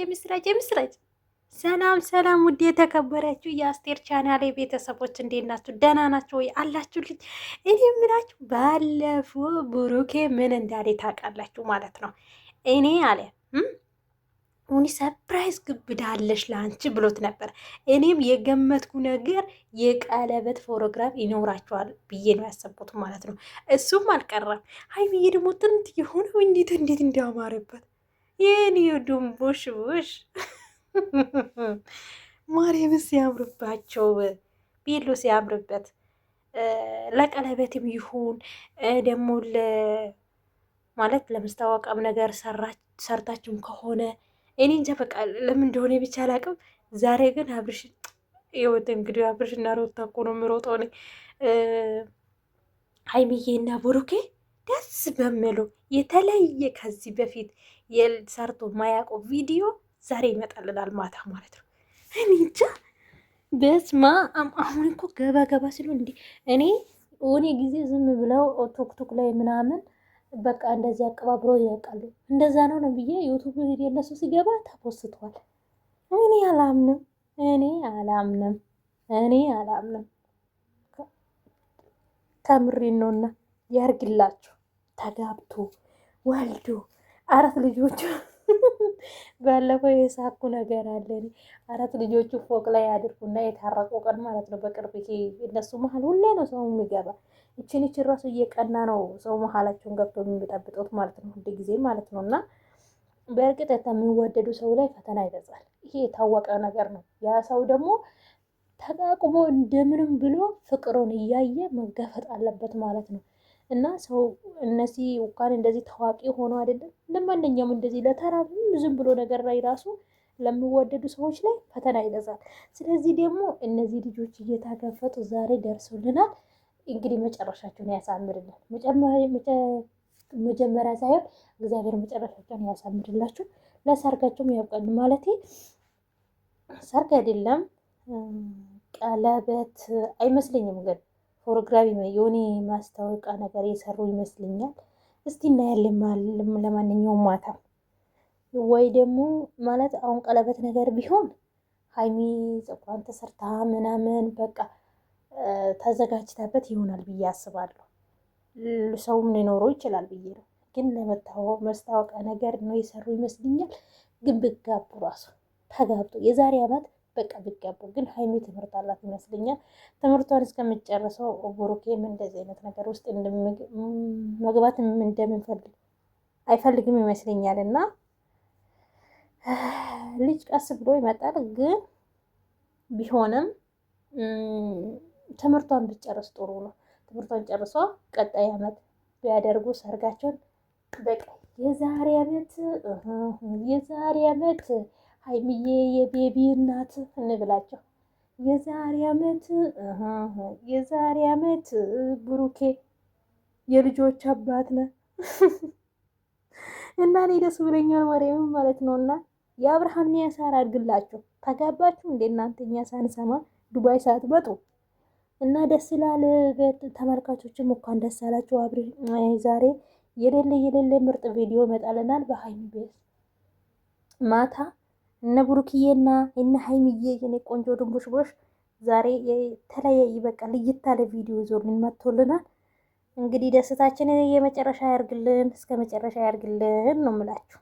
የምስራች የምስራች ሰላም ሰላም፣ ውድ የተከበራችሁ የአስቴር ቻናል ቤተሰቦች እንዴት ናችሁ? ደህና ናችሁ ወይ? አላችሁልኝ? እኔ የምላችሁ ባለፈው ብሩኬ ምን እንዳለ ታውቃላችሁ ማለት ነው። እኔ አለ ሁኒ ሰርፕራይዝ ግብዳለሽ ለአንቺ ብሎት ነበር። እኔም የገመትኩ ነገር የቀለበት ፎቶግራፍ ይኖራቸዋል ብዬ ነው ያሰብኩት ማለት ነው። እሱም አልቀረም። ሀይ ብዬ ደግሞ ጥንት የሆነው እንዴት እንዴት እንዲያማርበት የኔ ድንቦሽ ቦሽ ማርያም ሲያምርባቸው ቤሎ ሲያምርበት ለቀለበትም ይሁን ደግሞ ማለት ለመስታወቂያም ነገር ሰርታችሁም ከሆነ እኔ እንጃ በቃ ለምን እንደሆነ ብቻ አላቅም። ዛሬ ግን አብርሽ ይወት እንግዲህ አብርሽ እና ሮታ እኮ ነው የሚሮጠው። ሀይሚዬ እና ቡሩኬ ደስ በሚሉ የተለየ ከዚህ በፊት ሰርቶ ማያውቀው ቪዲዮ ዛሬ ይመጣልናል ማታ ማለት ነው። እኔ እንጃ በስማ አሁን እኮ ገባ ገባ ሲሉ እንዲ እኔ ሆኔ ጊዜ ዝም ብለው ቶክቶክ ላይ ምናምን በቃ እንደዚህ አቀባብሮ ያውቃሉ እንደዛ ነው ነው ብዬ ዩቱብ የነሱ ሲገባ ተፖስቷል። እኔ አላምንም፣ እኔ አላምንም፣ እኔ አላምንም። ከምሬን ነውና ያርግላችሁ። ተጋብቶ ወልዶ አራት ልጆቹ ባለፈው የሳኩ ነገር አለን። አራት ልጆቹ ፎቅ ላይ አድርጉና የታረቁ ቀን ማለት ነው በቅርብ ይሄ እነሱ መሀል ሁሌ ነው ሰው የሚገባ። እችን ይችን ራሱ እየቀና ነው ሰው መሀላቸውን ገብቶ የሚጠብጡት ማለት ነው ሁል ጊዜ ማለት ነው። እና በእርግጥ የሚወደዱ ሰው ላይ ፈተና ይበዛል። ይሄ የታወቀ ነገር ነው። ያ ሰው ደግሞ ተቃቁሞ እንደምንም ብሎ ፍቅሩን እያየ መገፈጥ አለበት ማለት ነው። እና ሰው እነዚህ ውቃን እንደዚህ ታዋቂ ሆኖ አይደለም ለማንኛውም እንደዚህ ለተራ ዝም ብሎ ነገር ላይ ራሱ ለሚወደዱ ሰዎች ላይ ፈተና ይበዛል። ስለዚህ ደግሞ እነዚህ ልጆች እየታገፈጡ ዛሬ ደርሶልናል። እንግዲህ መጨረሻቸውን ያሳምርልን። መጀመሪያ ሳይሆን እግዚአብሔር መጨረሻቸውን ያሳምርላችሁ። ለሰርጋቸውም ያብቃሉ ማለት ሰርግ አይደለም ቀለበት አይመስለኝም ግን ፕሮግራም የሆነ ማስታወቂያ ነገር የሰሩ ይመስልኛል እስቲ እናያለን። ለማንኛውም ማታ ወይ ደግሞ ማለት አሁን ቀለበት ነገር ቢሆን ሀይሚ ፀጉሯን ተሰርታ ምናምን በቃ ተዘጋጅታበት ይሆናል ብዬ አስባለሁ። ሰውም ሊኖረው ይችላል ብዬ ነው። ግን መስታወቂያ ነገር ነው የሰሩ ይመስልኛል። ግን ብጋቡ ራሱ ተጋብጦ የዛሬ አመት በቃ ቢጋቡ ግን ሀይሚ ትምህርት አላት ይመስለኛል። ትምህርቷን እስከምጨርሰው ቡሩኬም እንደዚህ አይነት ነገር ውስጥ መግባት እንደምንፈልግ አይፈልግም ይመስለኛል። እና ልጅ ቀስ ብሎ ይመጣል። ግን ቢሆንም ትምህርቷን ብጨርስ ጥሩ ነው። ትምህርቷን ጨርሶ ቀጣይ አመት ቢያደርጉ ሰርጋቸውን በቃ የዛሬ አመት የዛሬ አመት ሀይሚዬ የቤቢ እናት እንብላቸው። የዛሬ ዓመት የዛሬ ዓመት ብሩኬ የልጆች አባት ነ እና እኔ ደስ ብለኛል ወሬም ማለት ነው። እና የአብርሃምና የሳራ አድርግላቸው። ተጋባችሁ እንደ እናንተ እናንተኛ ሳንሰማ ዱባይ ሰዓት ሳትመጡ እና ደስ ይላል። ተመልካቾችም እንኳን ደስ አላቸው። አብሪ ዛሬ የሌለ የሌለ ምርጥ ቪዲዮ መጣለናል በሀይሚ ቤት ማታ እነ ቡሩክዬና እነ ሀይሚዬ የኔ ቆንጆ ድንቦሽ ቦሽ ዛሬ የተለየ ይበቃ ልይት ያለ ቪዲዮ ይዞልን መጥቶልናል። እንግዲህ ደስታችንን የመጨረሻ ያርግልን፣ እስከ መጨረሻ ያርግልን ነው የምላችሁ።